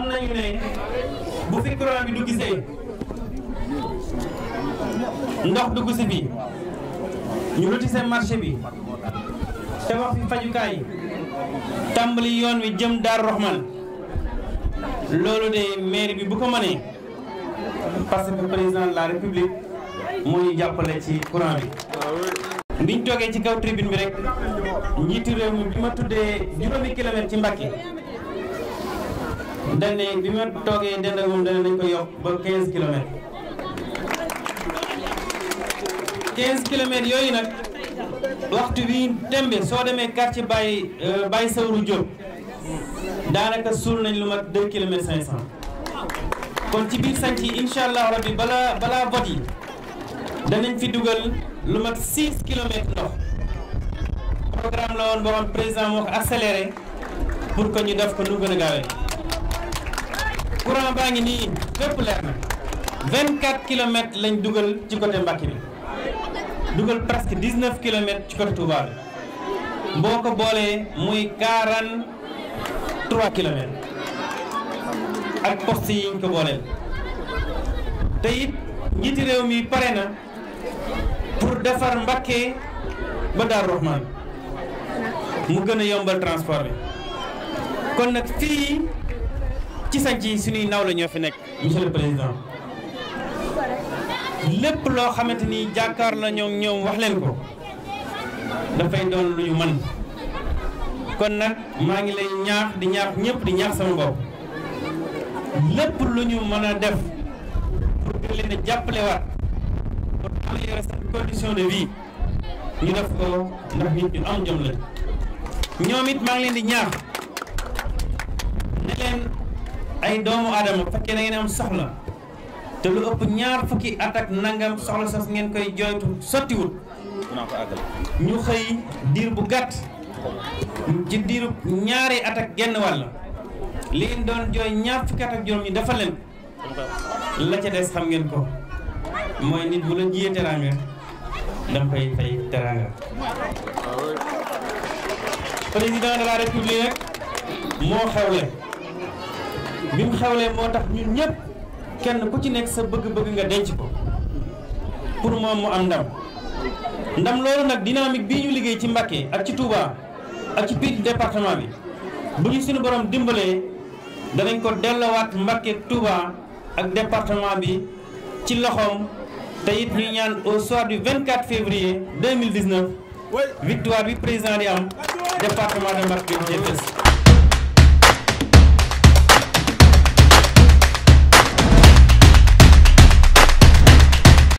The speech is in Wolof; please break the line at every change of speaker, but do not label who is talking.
xam nañu ne bu fi courant bi du gisee ndox dugg si bi ñu loti seen marché bi te wax fi fajukaay tàmbali yoon wi jëm daar Rahman loolu de maire bi bu ko mënee parce que président de la république moo ñu jàppale ci courant bi. biñ toogee ci kaw tribune bi rek njiitu réew mi bi ma tuddee juróomi kilomètre ci Mbàkke dañ bi ma toogee dend ak moom dañ nañ ko yokk ba 15 kilomètres 15 kilomètres yooyu nag waxtu bi tembe soo demee quartier Baye euh, Baye Sawru Diop daanaka suul nañ lu mat 2 kilomètres 500 kon ci biir sanc yi incha allah rabbi balaa balaa vote yi danañ fi dugal lu mat 6 kilomètres ndox programme la woon boo président moo ko accéléré pour que ñu def ko nu gën a gaawee. courant baa ngi nii lépp leer na 24 kilomètres lañ dugal ci côté Mbacké bi dugal presque 19 ci côté Touba boo ko boolee muy 43 kilomètres ak poste yi ko booleel te njiiti réew mi pare na pour defar Mbacké ba Darou Rahmane mu gën a yombal transport bi kon nag fii. ci sanc yi suñuy naw la ñoo fi nekk monsieur président lépp loo xamante ni jàkkaar la ñoom wax leen ko dafay doon lu ñu kon nag maa ngi lay ñaax di ñaax ñëpp di ñaax sama bopp lépp lu ñu mën def pour di leen jàppale waat pour améliorer seen condition de vie ñu def ko ndax nit ñu am jom la ñoom it maa ngi leen di ñaax ne leen ay doomu aadama bu fekkee da ngeen am soxla te lu ëpp ñaar fukki at ak nangam soxla sas ngeen koy jooytu sottiwul ñu xëy diir bu gàtt ci diiru ñaari at ak genn wàll li ngeen doon jooy ñaar fukki at ak juróom ñi dafa leen la ca des xam ngeen ko mooy nit bu la jiyee teraanga dama koy fay teraanga président de la république moo xewle bi mu xewlee moo tax ñun ñëpp kenn ku ci nekk sa bëgg-bëgg nga denc ko pour moom mu am ndam ndam loolu nag dynamique bi ñu liggéey ci Mbacké ak ci Touba ak ci biir département bi bu ñu suñu borom dimbalee danañ ko dellowaat Mbacké Touba ak département bi ci loxoom te it ñu ñaan au soir du 24 février 2019 victoire bi président di am département de Mbacké bi